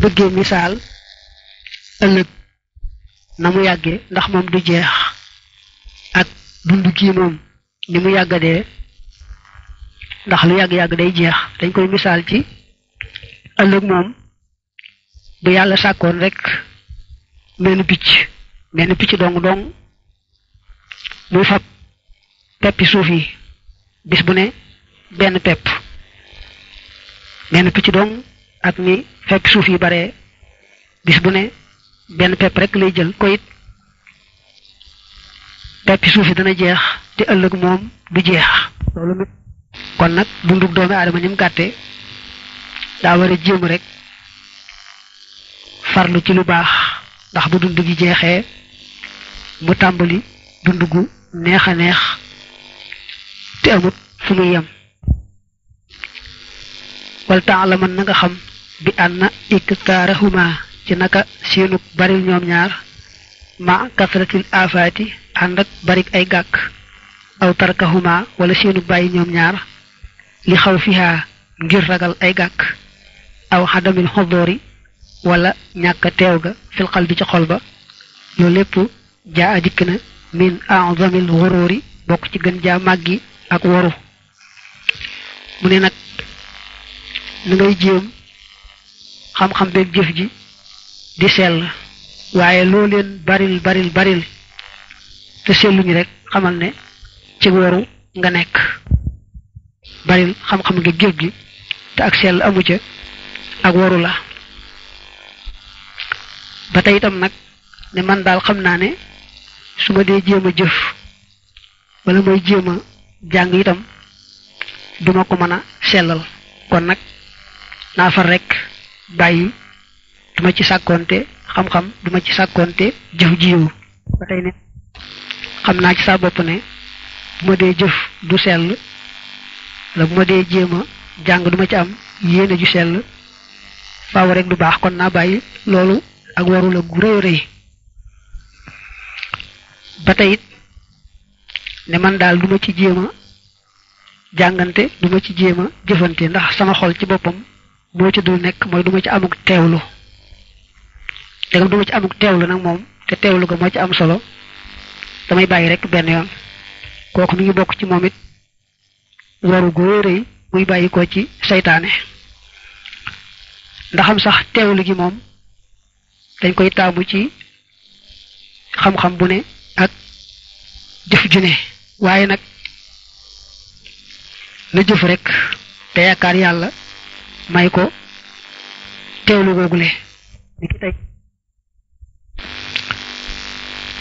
bëggee misaal ëllëg na mu yàggee ndax moom du jeex ak dund gii moom ni mu yàggadee ndax lu yàgg-yàgg day jeex dañ koy misaal ci ëllëg moom bu yàlla sàkkoon rekk menn picc menn picc dong dong muy fab peppi suuf yi bis bu ne benn pepp menn picc dong ak ni fekk suuf yi bare bis bu ne benn pepp rek lay jël koyit peppi suuf yi dana jeex te ëllëg moom du jeex kon nag dundug doomi aadama ni mu gàtte daa war a jéem rek farlu ci lu baax ndax bu dund gi jeexee mu tàmbali dund gu neex a neex te amut fu muy yem wala taala man na nga xam bi anna ikkarahuma ci naka seenu bari ñom ñaar ma kafratil afati andak bari barik ay gak aw tarkahuma wala seenu bay ñom ñaar li xaw fiha ngir ragal ay gak aw hadamil hudhuri wala ñaka teew ga fil qalbi ci xol ba lo lepp jaa min a'zamil ghururi bok ci gën jaa maggi ak waru mune nak ngay jëm xam-xam beeg jëf ji di sell waaye loo leen baril baril baril te selluñu rek xamal ne ci waru nga nekk baril xam-xam ngi jëf ji te ak sell amu ca ak waru la ba te itam nag ne man daal xam naa ne su ma dee jéem a jëf wala mooy jéem jàng itam duma ko mën a sellal kon nag naa far bàyyi duma ci sàkkoonte xam-xam du ci sàkkoonte jëf jiwu ba tey ne xam naa ci saa bopp ne bu dee jëf du sell la bu ma dee jéem jàng duma ci am yéene ju sell faaw rek du baax kon naa bàyyi loolu ak waru gu rëy rëy ba tey it ne man daal duma ci jéem a jàngante du ma ci jéem a jëfante ndax sama xol ci boppam moo ci dul nekk mooy duma ci amuk teewlu dagam du ci amuk teewlu nag moom te teewlu ga moo ci am solo damay bàyyi rek benn yoon kooku mu ngi bokk ci moom it waru góorëy muy bàyyi ko ci seytaane ndaxam sax teewlu gi moom dañ koy taamu ci xam-xam bu ne ak jëf ju ne waaye nag na jëf rekk te yaakaar yàlla may ko teewlu googule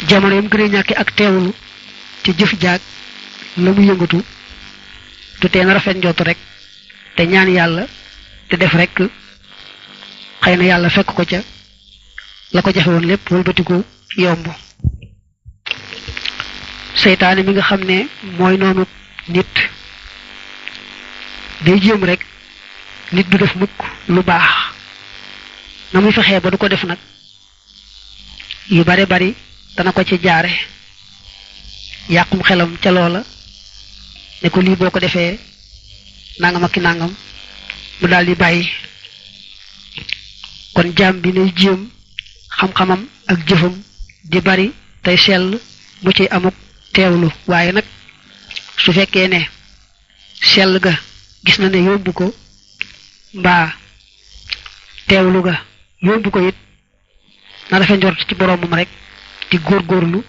jamono yam gën a ñàkki ak teewlu ci jëf jaag la mu yëngatu du teen rafet njootu rek te ñaan yàlla te def rek xëy na yàlla fekk ko ca la ko jafe lépp wëlbatiku yomb seytaane mi nga xam ne mooy noonu nit day jéem rek nit du def mukk lu baax na muy fexee ba du ko def nag yu bare bari dana ko ci jaare yàqum xelam ca loola ne ko lii boo ko defee nangam ak ki nangam mu daal di bàyyi kon jaam bi nay jéem xam-xamam ak jëfam di bari tey sell mu ci amuk teewlu waaye nag su fekkee ne sell ga gis na ne yóbbu ko ba tewlu ga yóbbu ko yit na dafa ndor ci mum rek di gorlu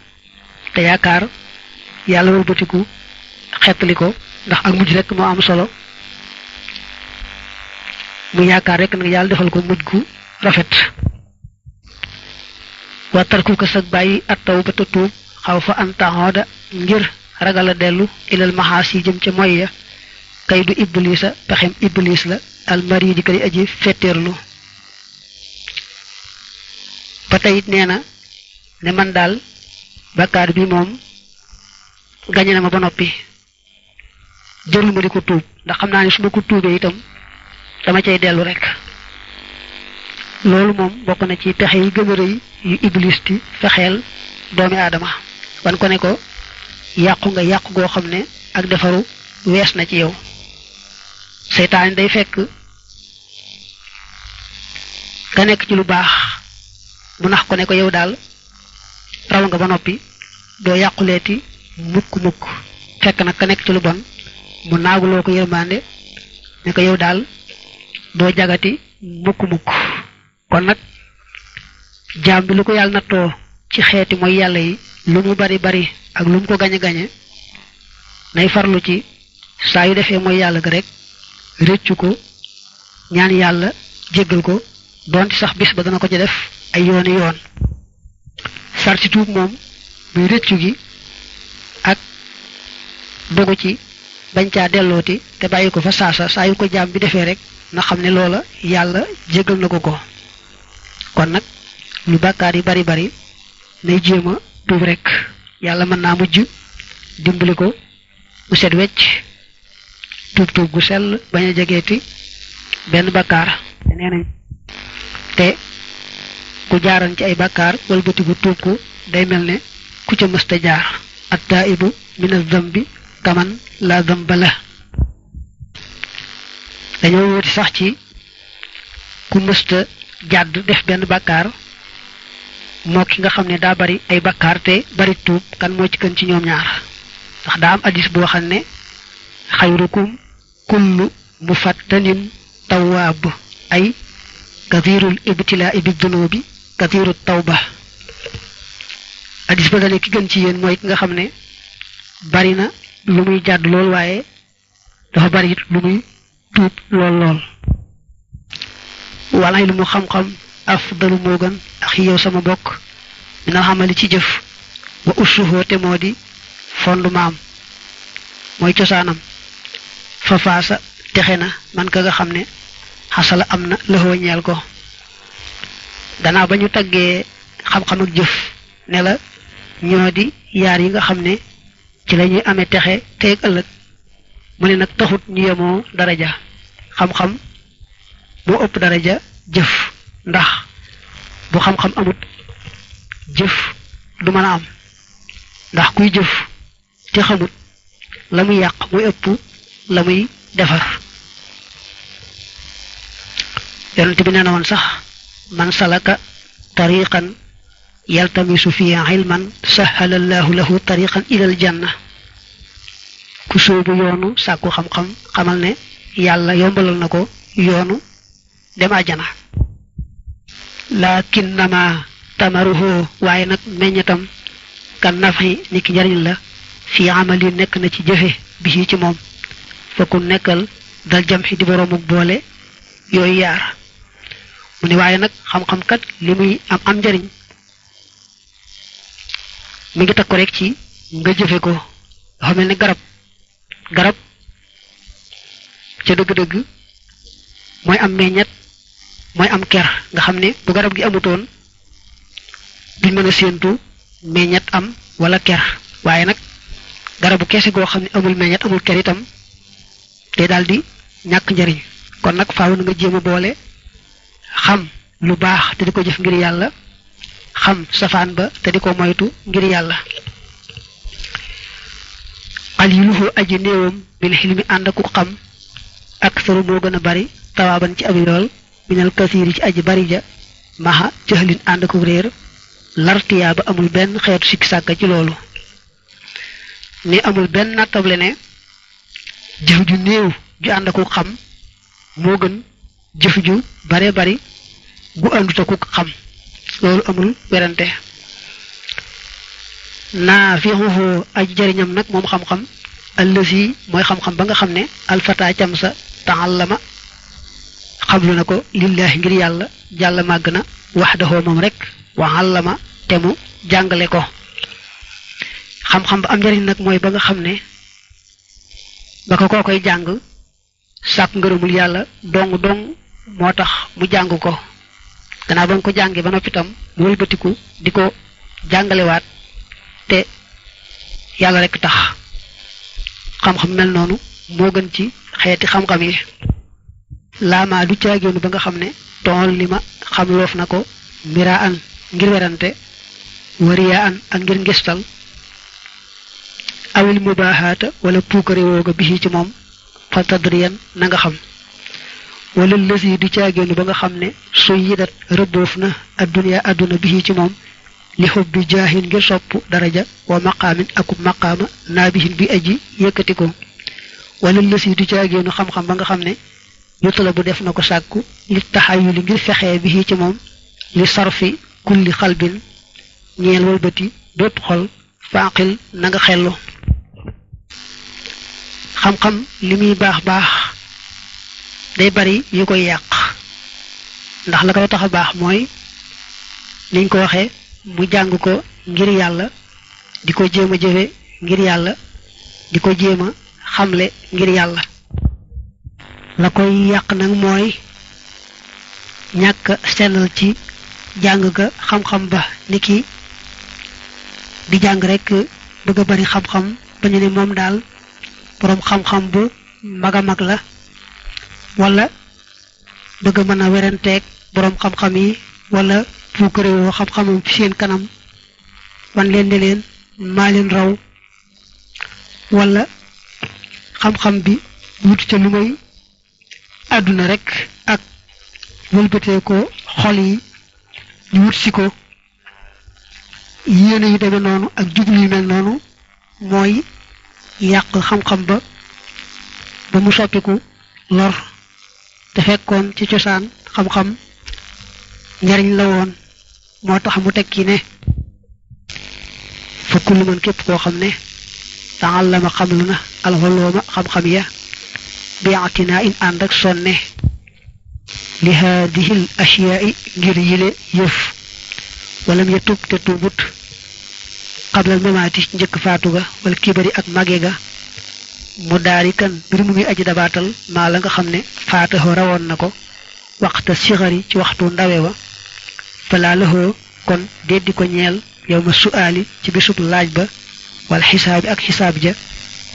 te yaakaar yàlla wëlbatiku xettali ko ndax ak mujj rek mo am solo mu yaakaar rek nga yalla defal ko mujj gu rafet wa tarku ka sak bayyi at tawbatu tu khawfa an ta'ada ngir ragala delu ilal mahasi jëm ci moy ya kay iblisa taxem iblis la almari di kay aji fetteerlu ba tey nee na ne man daal bàkkaar bi moom gañe na ma ba noppi jërul ma di ko tuub ndax xam naa ne su ma ko tuubee itam dama cay dellu rekk loolu moom bokk na ci pexe yi gën a rëy di fexeel doomi aadama wan ko ne ko yàqu nga yàqu goo xam ne ak defaru wees na ci yow seytaan day fekk ka nekk ci lu baax mu nax ko ne ko yow daal raw nga ba noppi doo yàquleeti mukk mukk fekk nag ka nekk ci lu bon mu naaguloo ko yërmande ne ko yow daal doo jagati mukk mukk kon nag jaam bi lu ko yàlla nattoo ci xeeti mooy yàlla yi lu mu bari bari ak lu mu ko gañe gañe nay farlu ci saa yu defee mooy yàlla ga rek réccu ko ñaan yàlla jéggal ko donte sax bis ba dana ko ci def ay yooni yoon sarti tuub moom muy rëccu gi ak dogu ci bañ caa dellooti te bàyyi ko fa saasa saa yu ko jaam bi defee rek na xam ne loola yàlla jégal ko kon nag lu bàkkaar yi bari bari nay jéem a rek yàlla mën naa mujj dimbali ko mu set wecc tuub tuub gu sell bañ a jegeeti benn te ku jaaral ci ay bàkkaar walbatiku tuub ko day mel ne ku ca mësta jaar at taibu min az-zambi kaman la zamba la dañoo wuti sax ci ku mësta jàdd def benn bàkkaar moo ki nga xam ne daa bari ay bàkkaar te bari tuub kan moo ci kën ci ñoom ñaar ndax daa am addis boo xam ne xayrukum kullu mufattanin tawaab ay kathirul ibtilaa'i bi dunuubi kathiru tawba hadis ba dane ki gën ci yéen mooy ki nga xam ne bari na lu muy jàdd lool waaye dafa bari it lu muy tuub lool lool walaay lu mu xam-xam afdalu moo gën ak yow sama bokk minal xamali ci jëf wa ussuhoo te moo di fondement am mooy cosaanam fafaasa texe na man ka nga xam ne hasala amna na lëxoo ñeel ko dana bañu ñu juf, xam-xam ak jëf ne la ñoo di yaar yi nga xamne ci lañuy amé amee texe ak mu ne nak taxut ñu dara daraja xam-xam upp dara daraja jëf ndax bu xam-xam amut jëf du mëna am ndax kuy jëf te xamut la muy yàq muy ëpp la defar yonent bi neena won sax man salaka tariqan yaltamisu fi ilman sahala Allahu lahu tariqan ila al-janna ku soobu yoonu sàkku xam-xam xamal ne yalla yombalal nako yoonu dem ajana lakin nama tamaruhu waaye nak meñatam kan nafhi ni la fi amali nek na ci jefe bi ci mom fa ku nekkal dal jamhi di boromuk bolé yoy yaara mu ne waaye nag xam-xam kat li muy am njariñ mu ngi ko rekk ci nga jëfe ko dafa mel ni garab garab ca dëgg-dëgg mooy am meññet mooy am ker nga xam ne bu garab gi amutoon duñ mën a séentu meññet am walla ker waaye nag garabu keese goo xam ne amul meññet amul ker itam day daal ñàkk njariñ kon nag faaw na nga jéem a boole xam lu baax te diko ko jëf ngir yàlla xam safaan ba te diko moytu ngir yàlla qaliluhu aji néewam min xilmi ànd xam aktharu moo gën a bari tawaaban ci ab yool minal kasiiri ci aji bari ja maha jëhlin ànd aku réer ba amul benn xeetu sikki sàkka ci loolu ne amul benn nattable ne jëf ju néew ju ànd xam moo gën jëf ju bare bari bu àndut ak xam loolu amul werante naafi'uhu aji jariñam nag moom xam-xam allazi mooy xam-xam ba nga xam ne alfata cam sa taallama xamlu na ko lillaahi ngir yàlla jàll màgg na waxdahu moom rek wa allama te mu jàngale ko xam-xam ba am njëriñ nag mooy ba nga xam ne ba ko koo koy jàng sàkk ngërëmul yàlla dong dong moo tax mu jàng ko gannaaw ba nga ko jàngee ba noppi tam mu wëlbatiku di ko jàngalewaat te yàlla rek tax xam-xam mel noonu moo gën ci xeeti xam-xam yi laamaa du caagéenu ba nga xam ne tool li ma xam loof na ko miraa an ngir werante wariyaa an ak ngir ngistal awil mubaahaata wala puukarewoo ga bisi ci moom fa na nga xam wala lësi du caagéenu ba nga xam ne suy yidat rëbboof na adduna adduna bi ci moom li xub bi jaahin ngir sopp daraja wa maqaamin akub maqaama naabihin bi aji yëkkati ko wala lësi du caagéenu xam-xam ba nga xam ne yutala bu def na ko sàkku li taxayuli ngir fexee bi ci moom li sarfi kulli xalbin ñeel walbati bépp xol faaqil na nga xellu xam-xam li muy baax baax day bari yu koy yàq ndax la koy tax a baax mooy niñ ko waxee mu jàng ko ngir yàlla di ko jéem a jëfe ngir yàlla di ko jéem a xamle ngir yàlla la koy yàq nag mooy ñàkk sellal ci jàng ga xam-xam ba ni ki di jàng rek bëgg a bari xam-xam ba ne moom daal boroom xam-xam bu mag a mag la wala bëgg a mën a werenteeg boroom xam-xam yi walla puukarewoo xam-xamam fi seen kanam wan leen ne leen maa leen raw wala xam-xam bi wut ca lu may àdduna rekk ak wëlbatee ko xol yi ñu wut si ko yéene yu demee noonu ak jublu yu mel noonu mooy yàq xam-xam ba ba mu soppiku lor te fekkoon ci cosaan xam-xam njariñ la woon moo tax mu tekki ne fa kullu man képp koo xam ne taallama xamlu na alxolooma xam-xam ya bi atinaa ànd ak sonne li haadihi l ashiyaai ngir yile yëf walam ya tub te tuubut xablal mamaati njëkk faatu ga wala kibari ak mage ga mu daari kan mbir mu ngi aji dabaatal maa la nga xam ne faataxoo rawoon na ko waxta sixari ci waxtu ndawe wa falaa kon déddi ko ñeel yow ma su'aali ci bisub laaj ba wal xisaabi ak xisaab ja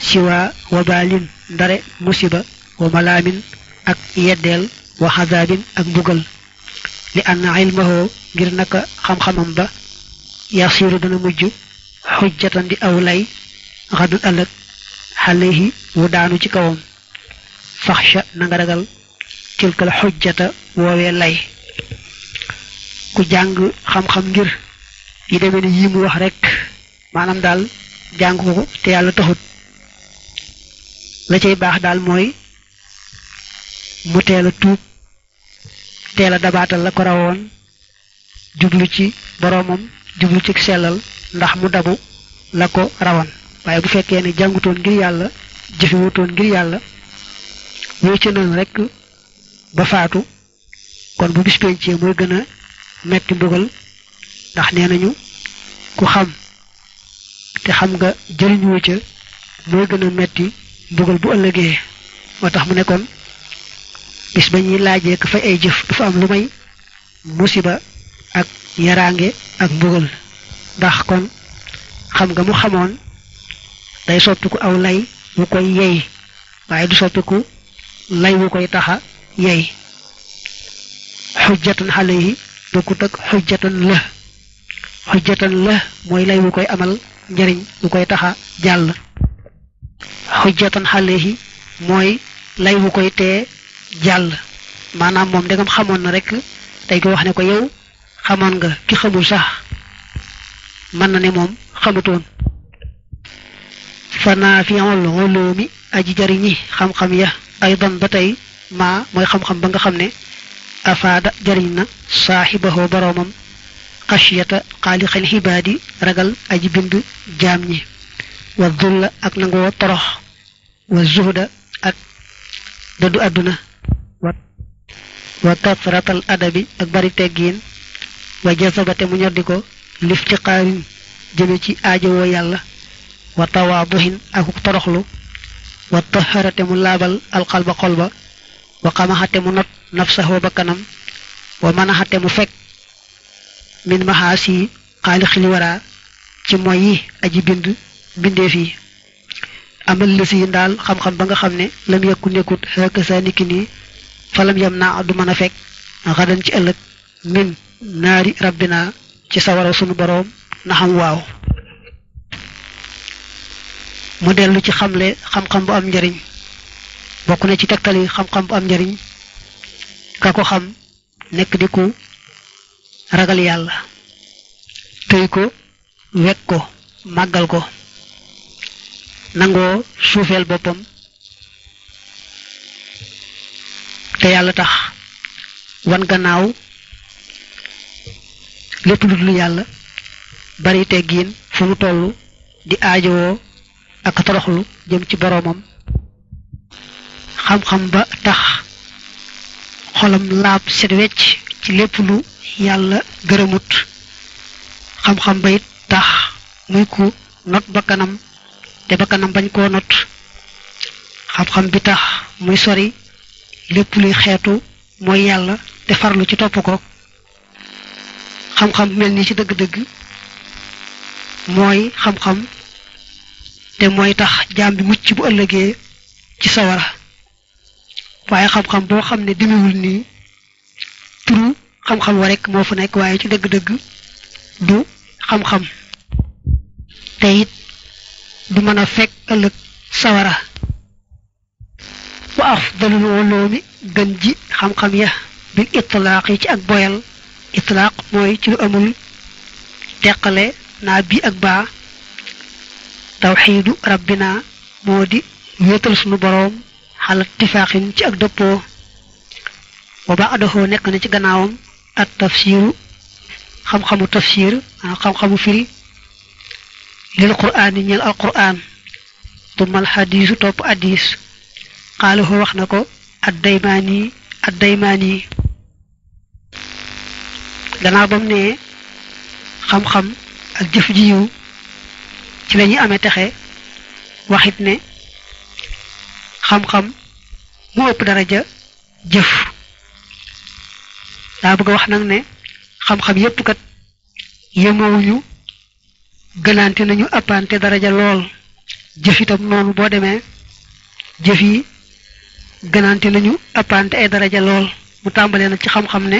siwaa wabaalin ndare musiba wa malaamin ak yeddeel wa xazaabin ak mbugal li anna ilmahoo ngir naka xam-xamam ba yasiiru dana mujj xujjatan aw lay xadul ëllëg alayhi mu daanu ci kawam faxsha na nga ragal tilkal xujjata woowee lay ku jàng xam-xam ngir yi demee ni yi mu wax rekk maanaam daal jàng ko te yàlla taxut la cay baax daal mooy mu teel a tuub teel a dabaatal la ko rawoon jublu ci boroomam jublu ci sellal ndax mu dabu la ko rawan waaye bu fekkee ne jàngutoon ngir yàlla jëfewutoon ngir yàlla wéy ca noonu rek ba faatu kon bu bis pencee mooy gën metti mbugal ndax nee nañu ku xam te xam nga jëriñu ca mooy gën a metti mbugal bu ëllëgee moo tax mu nekkoon kon bis ba ñuy laajee ka fay ay jëf dafa am lu may musiba ak yaraange ak mbugal ndax kon xam nga mu xamoon day ku aw lay wu koy yey waaye du soppiku lay wu koy taxa yey xujjatan yi bokkut ak xujjatan la xujjatan la mooy lay wu koy amal njariñ wu koy taxa jàll xujjatan yi mooy lay wu koy tee jàll maanaam moom ndegam xamoon na rek dañ ko wax ne ko yow xamoon nga ki xamul sax mën na ne moom xamutoon fa fi ulumi aji jarini xam xam ya aydan batay ma moy xam xam ba nga xamne afada jarina sahibahu baromam khashyata khaliqil hibadi ragal aji bind jamni wa dhul ak nango torox wa zuhda ak dadu aduna wa al adabi ak bari teggin wa jazabate mu ñor diko liftiqarin jëme ci aajo wo yalla wa tawaaduhin ak toroxlu wa taharate mu laabal alqalba xol ba wa xamaxate mu not nafsahu bakkanam wa manaxate mu fekk min maxaasi xaalixili wara ci moy yi aji bind bindeef yi amal la si ndaal xam-xam ba nga xam ne lam yekku nekkut xëkk saa niki nii falam yam naa du mën a fekk xadan ci ëllëg min naari rabbina ci sawara sunu boroom na xam waaw mu dellu ci xamle xam-xam bu am njariñ bokk na ci tegtal yi xam-xam bu am njariñ ka ko xam nekk di ku ragal yàlla tey ko weg ko màggal ko nangoo suufeel boppam te yàlla tax wan gannaaw lépp lu dul yàlla bari teggiin fu mu toll di aajowoo ak toroxlu jëm ci boromam xam xam ba tax xolam laab set wecc ci lépp lu yàlla gërëmut xam xam ba it tax muy ku not bakkanam te bakkanam bañ koo not xam xam bi tax muy sori lépp luy xeetu mooy yàlla te farlu ci topp ko xam xam mel ni ci dëgg-dëgg mooy xam-xam te mooy tax jaam bi mucc bu ëllëgee ci sawara waaye xam-xam boo xam ne demewul nii turu xam-xam wa rek moo fa nekk waaye ci dëgg-dëgg du xam-xam te du mën a fekk ëllëg sawara wa afdalul ulumi gën ji xam-xam ya bil itlaaq yi ci ak boyal itlaaq mooy ci lu amul teqale naa bii ak baa tawhidu rabbina modi di sunu borom hal tifaqin ci ak doppo wa ba'dahu nek na ci at tafsiru xam-xamu tafsir xam-xamu firi lil qur'an ñeel al qur'aan al hadith top hadith qalu wax na ko ad daymani ad daymani gannaaw bam ne xam-xam ak jëf ji ci la ñuy amee texe waxit ne xam-xam mu ëpp daraja jëf daa bëgg a wax nag ne xam-xam yépp kat yemowuñu gënaante nañu appante daraja lool jëf itam noonu boo demee jëf yi gënaante nañu appante ay daraja lool mu tàmbalee nag ci xam-xam ne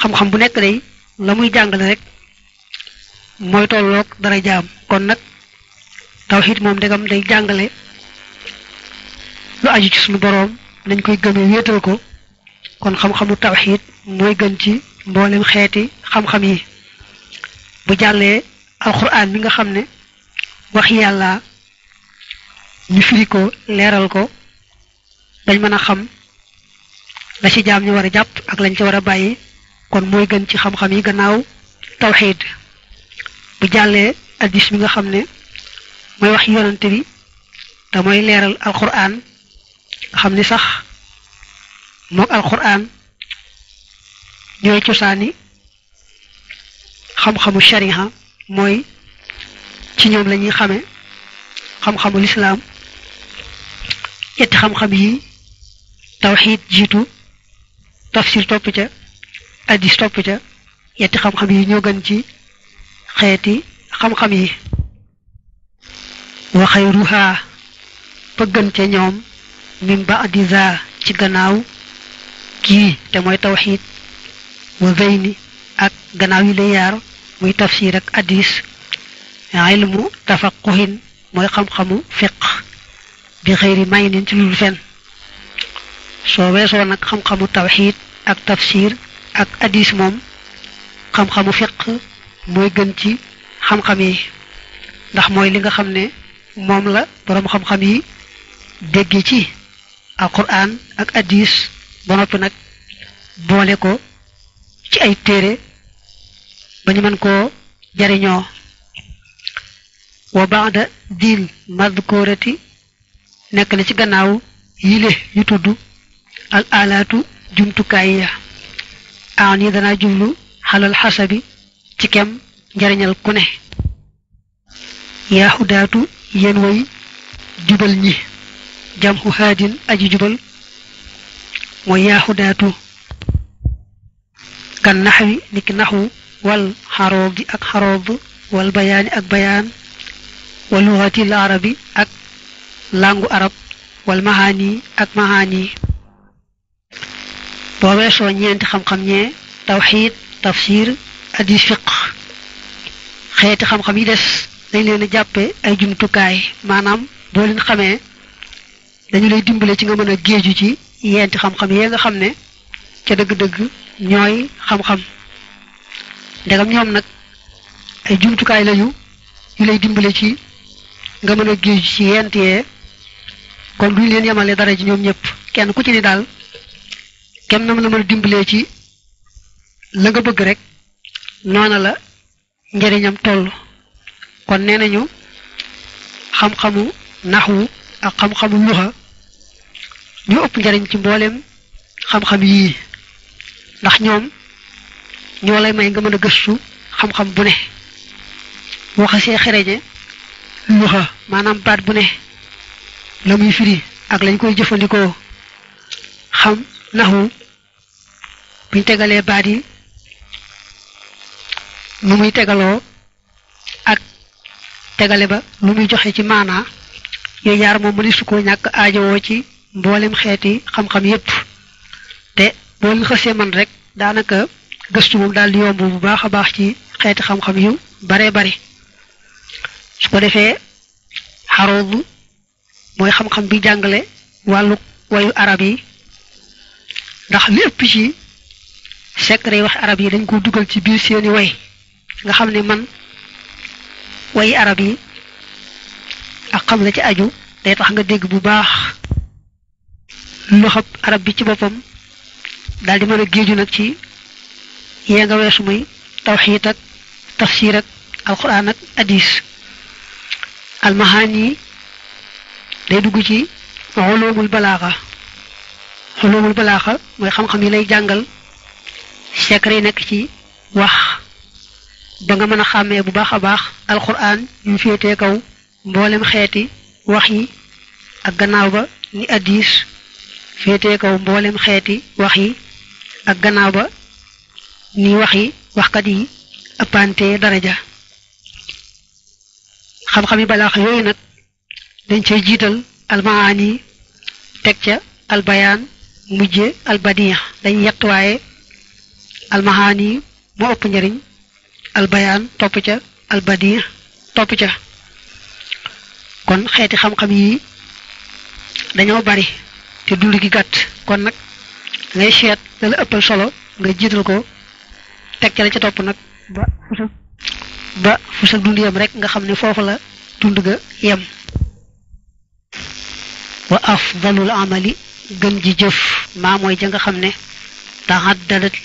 xam-xam bu nekk day la muy jàngale rek mooy tolloog dara jaam kon nag tawxiid moom ndegam day jàngale lu aju ci suñu boroom nañ koy gëmee wéetal ko kon xam-xamu tawxiid mooy gën ci mboolem xeeti xam-xam yi bu jàllee alxuraan mi nga xam ne wax yàlla ñu firi ko leeral ko dañ mën a xam la ci jaam ñu war a jàpp ak lañ ci war a bàyyi kon mooy gën ci xam-xam yi gannaaw tawxiid bu jàllee addis bi nga xam ne mooy wax yonante bi te mooy leeral alquran nga xam ni sax moog alquran ñooy cosaani xam-xamu shariha mooy ci ñoom la ñuy xam-xamu lislaam ñetti xam-xam yi tawxiid jiitu tafsir topp ca addis topp ca ñetti xam-xam yi ñoo gën ci xeeti xam-xam yi wa xayruha pëggan ca ñoom min baadiza ci gannaaw kii te mooy tawxiid wa zeyni ak gannaaw yi la yaar muy tafsir ak addis ilmu tafaquhin mooy xam-xamu fiq bi xëyri may nin ci lul fen soo weesoo nag xam-xamu tawxiid ak tafsir ak addiis moom xam-xamu fiq mooy gën ci xam-xam yi ndax mooy li nga xam ne moom la boroom xam-xam yi dégge ci alquran ak addis ba nag boole ko ci ay téere ba ñu mën koo jariñoo wa baada diil madkurati nekk na ci gannaaw yile yu tudd al alaatu jumtukaay ya aan yi danaa jublu xalal xasabi ci kem njariñal ku ne yaaxu daatu yéen way jubal ñi jam xu haadin aji jubal mooy yaaxu daatu kan naxwi niki naxu wal xaroogi ak xaroob wal bayaani ak bayaan wal luxati arabi ak langu arab wal mahaani ak mahaani boo weesoo ñeenti xam-xam ñee tawxiid tafsir hadis fiq xeeti xam-xam yi des dañ leen a ay jumtukaay maanaam boo leen xamee dañu lay dimbale ci nga mën a géeju ci yenti xam-xam nga xam ne ca dëgg-dëgg ñooy xam-xam ndegam nag ay jumtukaay lañu lay dimbale ci nga mën a géeju ci yent yee kon duñu leen yemale dara ji ñoom ñëpp kenn ku ci ni daal kenn nam mën a dimbalee ci la nga bëgg rek noona la njëriñam toll kon nee nañu xam-xamu naxwu ak xam-xamu luxa ñu ëpp njariñ ci mboolem xam-xam yii ndax ñoom ñoo lay may nga mën a gëstu xam-xam bu ne boo xasee xereñe luxa maanaam baat bu ne la muy firi ak lañ koy jëfandikoo xam naxwu buñ tegalee baat yi nu muy tegaloo ak tegale ba nu muy joxe ci maanaa yooyu yaar moom mëni su ko ñàkk aajowoo ci mboolem xeeti xam-xam yépp te boo xësee man rekk daanaka gëstu moom daal di yomb bu baax a baax ci xeeti xam-xam yu baree bari su ko defee xarobu mooy xam-xam bi jàngale wàllu wayu arab yi ndax lépp ci secret wax arab yi dañ koo dugal ci biir seeni way nga xam ne man way arab yi ak xam la ci aju day tax nga dégg bu baax loxob arab bi ci boppam daal di mën a géeju nag ci yee nga weesu muy tawxiit ak tafsir ak alquran ak hadis almahaan yi day dugg ci xulumul balaaxa xulumul balaaxa mooy xam-xam yi lay jàngal secret yi nekk ci wax da nga mën a xàmmee bu baax a baax alquran ñu féetee kaw mboolem xeeti wax yi ak gannaaw ba ni addis féetee kaw mboolem xeeti wax yi ak gannaaw ba ni wax yi waxkat yi ëppante daraja xam-xami balaax yooyu nag dañ cay jiital almaani teg ca albayaan mujje albadiya dañ yett waaye almahaani moo ëpp njariñ al bayan top ca al top ca kon xeeti xam xam yi dañoo bari te dund gi kon nak ngay seet da la ëppal solo nga jiital ko teg ca la ca topp nag ba fusa ba fusa dund yam rek nga xam ne foofu la dund ga yem wa afdalul amali gën ji jëf maa mooy ja nga xam ne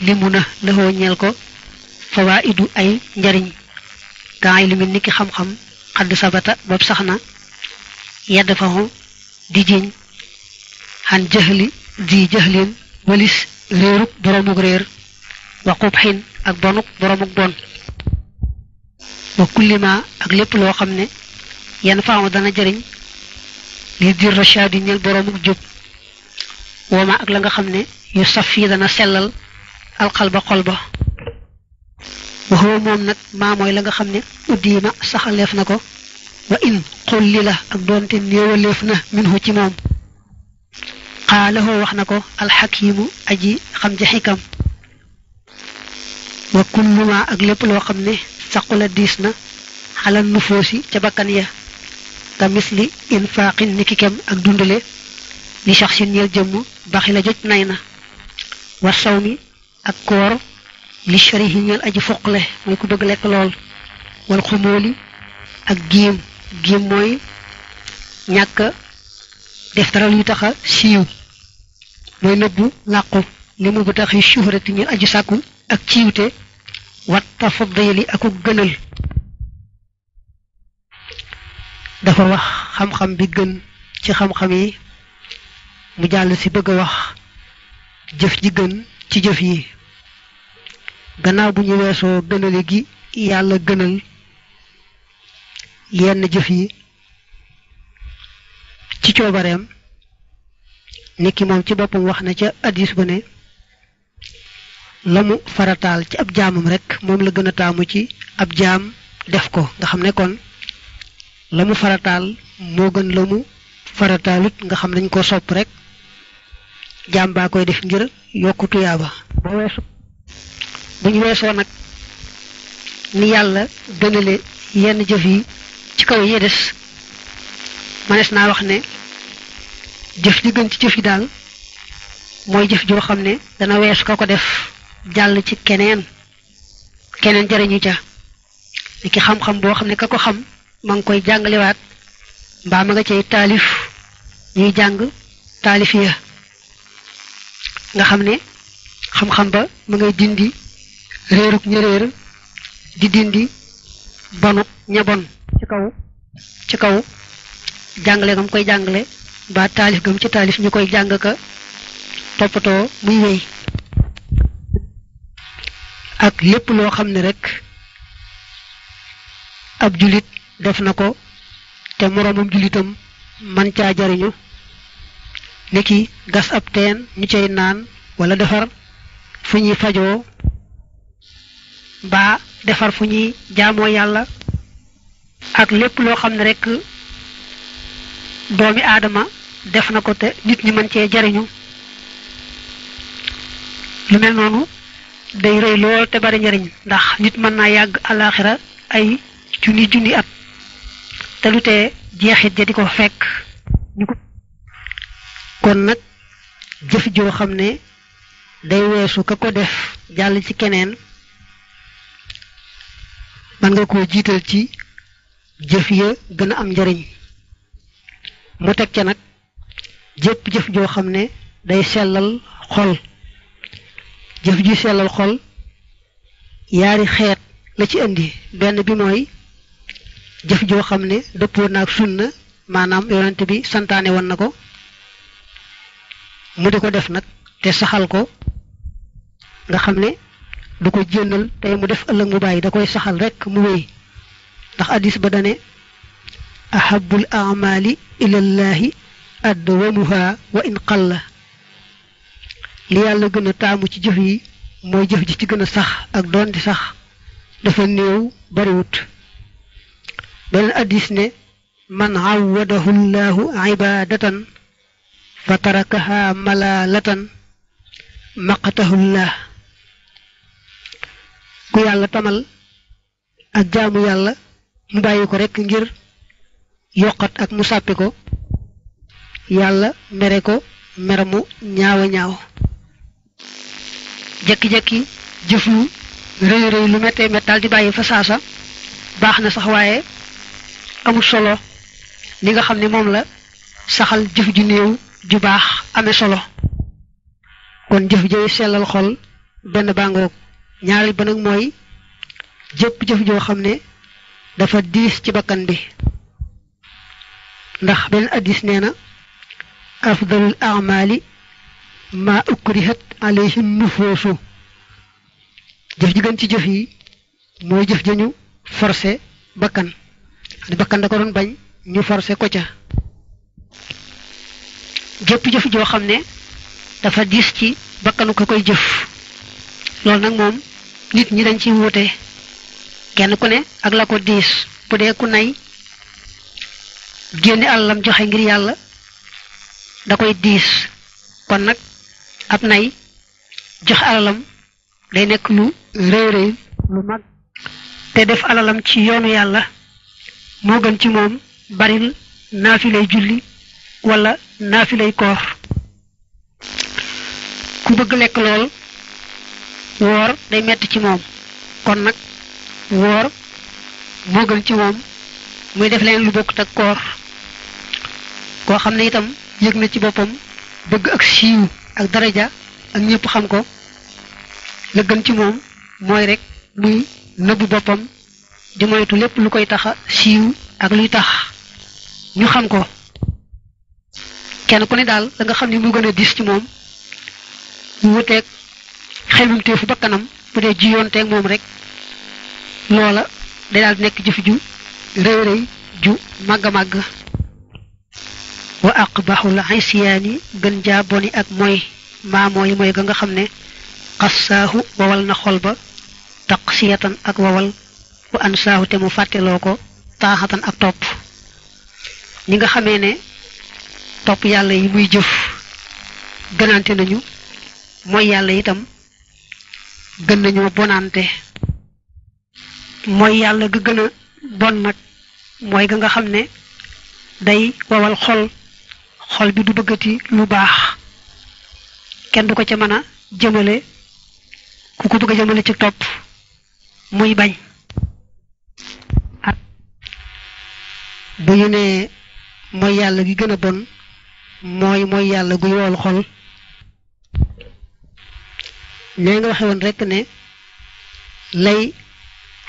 limuna lëxoo ñeel ko fawaidu ay njariñ gaa ilmi ni ki xam-xam xadd sabata bab sax na yedd faxu di jiñ xan jëxli di jëxlin walis réeruk boromuk réer wa xubxin ak bonuk boromuk bon wa kullima ak lépp loo xam ne yenn faamu dana jëriñ li dir rachad yi ñeel boromuk jub wooma ak la nga xam ne yu saf yi dana sellal alxal ba xol ba waxoo moom nag maa mooy la nga xam ne uddiima saxaleef na ko wa in xulli la ak doonte néewaleef na minhu ci moom xaalahoo wax na ko alxakiimu aji xam ja xikam wa kulluma ak lépp loo xam ne saqula diis na xalal nufoosi ca bakkan ya ka misli infaaqin ni ki kem ak dundale li sax si ñeel jëmm baxi la joj nay na wa saw mi ak koor li shari yi ñeel aji foqle mooy ko bëgg lekk lool wal xumóoli ak giim giim mooy ñàkk def dara luy tax a siiw mooy nëbbu làqu li mu bu tax yi shuhrati ñeel aji sàkku ak ciiwte wat tafaddili ak ko gënal dafa wax xam-xam bi gën ci xam-xam yi mu jàll ci bëgg a wax jëf ji gën ci jëf yi gannaaw bu ñu weesoo gënale gi yàlla gënal yenn jëf yi ci coobareem nit ki moom ci boppam wax na ca addis ba ne la mu farataal ci ab jaamam rekk moom la gën a taamu ci ab jaam def ko nga xam ne la mu farataal moo gën la mu farataalut nga xam nañ ko sopp rek jaam baa koy def ngir yokku tuyaaba bu ñu weesoo nag ni yàlla gënale yenn jëf yi ci kaw yee des mënees naa wax ne jëf li gën ci jëf yi daal mooy jëf joo xam ne dana wees ka ko def jàll ci keneen keneen jariñu ca ni ki xam-xam boo xam ne ka ko xam ma ngi koy jàngalewaat mbaa ma nga cay taalif ñuy jàng taalif ya nga xam ne xam-xam ba ma ngay dindi réeruk ña réer di dindi bonuk ña bon ci kaw jàngale gam koy jàngale ba taalif gam ci taalif ñu koy jàng ka toppatoo muy wéy ak lépp loo xam ne rekk ab julit def na ko te moroomam julitam man caa jariñu ni ki gas ab teen ñu cay naan wala defar fu ñuy fajoo baa defar fu ñuy jaamoo yàlla ak lépp loo xam ne rek doomi aadama def na ko te nit ñi mën cee jariñu lu mel noonu day rey lool te bari njariñ ndax nit mën naa yàgg alaaxira ay junni junni at te lu tee jeexit ja di ko fekk kon nag jëf joo xam ne day weesu ka ko def jàll ci keneen man nga koo jiital ci jëf ya gën a am njariñ mu teg ca nag jépp jëf joo xam ne day sellal xol jëf ji sellal xol yaari xeet la ci indi benn bi mooy jëf joo xam ne dëppoo naag sunna maanaam yonent bi santaane woon na ko mu di ko def nag te saxal ko nga xam ne du ko jëndal tay mu def ëllëg mu bàyyi da koy saxal rek mu wéy ndax hadis ba dane al amali ila llahi adwamuha wa in qalla li yàlla gën a taamu ci jëf yi mooy jëf ji ci gën a sax ak doon di sax dafa néew bariwut beneen hadis ne man awadahu llahu ibadatan fa tarakaha malalatan maqatahu llah ku yàlla tamal ak jaamu yàlla mu bàyyi ko rek ngir yokkat ak mu sàppi ko yàlla mere ko meramu mu ñaawa ñaaw jekki-jekki jëf rëy rëy lu mettee mettal di bàyyi fa saasa baax na sax waaye amul solo li nga xam ne moom la saxal jëf ju néew ju baax solo kon jëf jëy sellal xol benn bàngoog ñaareel ba nag mooy jëpp jëf joo xam ne dafa diis ci bakkan bi ndax benn addis nee na afdalul amali ma ukrihat alayhi nufoosu jëf ji gën ci jëf yi mooy jëf jañu forcé bakkan bakkan da ko doon bañ ñu forcé ko ca jëpp jëf joo xam ne dafa diis ci bakkanu ko koy jëf loolu nag moom nit ñi dañ ci wuute kenn ku ne ak la ko diis bu dee ku nay génne alalam joxe ngir yàlla da koy diis kon nag ab nay joxe alalam day nekk lu rëy rëy lu mag te def alalam ci yoonu yàlla moo gën ci moom baril naafi naafilay julli wala naafilay koor ku bëgg lekk lool woor day metti ci moom kon nag woor moo gën ci moom muy def leen lu bokkut ak koor koo xam ne itam yëg na ci boppam bëgg ak siiw ak daraja ak ñépp xam ko la gën ci moom mooy rekk muy nëbbu boppam di moytu lépp lu koy taxa siiw ak luy tax ñu xam ko kenn ku ne daal la nga xam ne mu gën a diis ci moom mu wuteeg xelum teefu bakkanam bu dee jiyonteeg moom rek loola day daal nekk jëf ju réy ju màgg màgg wa aqbahul isyaani gën genjaboni boni ak mooy maa mooy mooy ga nga xam ne xassaahu wawal na xol ba taqsiyatan ak wawal wa ansaahu te mu fàtteloo ko taaxatan ak topp ñi nga xamee ne topp yàlla yi muy jëf gënante nañu mooy yàlla itam gën nañoo bonante mooy yàlla ga gën a bon nag mooy ga nga xam ne day wawal xol xol bi du bëggati lu baax kenn du ko ca mën a jëmale ku ko bëgg a jëmale ci topp muy bañ bu ñu nee mooy yàlla gi gën a bon mooy mooy yàlla guy wawal xol nee nga waxe woon rekk ne lay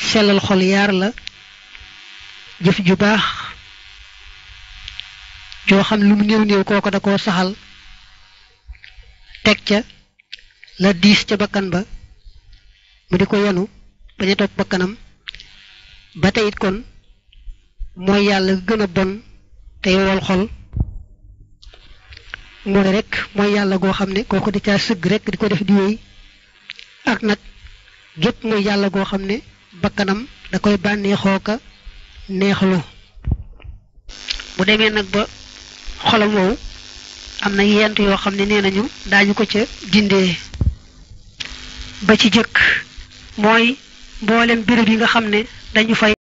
sellal xol yaar la jëf ju baax joo xam lu mu néew néew kooko da koo saxal teg ca la diis ca bakkan ba mu di ko yenu bañ a bakkanam ba tey kon mooy yàlla gën a bon te yorol xol mooy rek mooy yàlla goo xam ne kooko di caa sëgg rek di ko def di wéy ak nag gépp mooy yàlla goo xam ne bakkanam da koy bànneexoo ka neexlu bu demee nag ba xolam woowu am na yent yoo xam ne nee nañu daañu ko ca dindee ba ci jëkk mooy mboolem béréb yi nga xam ne dañu fay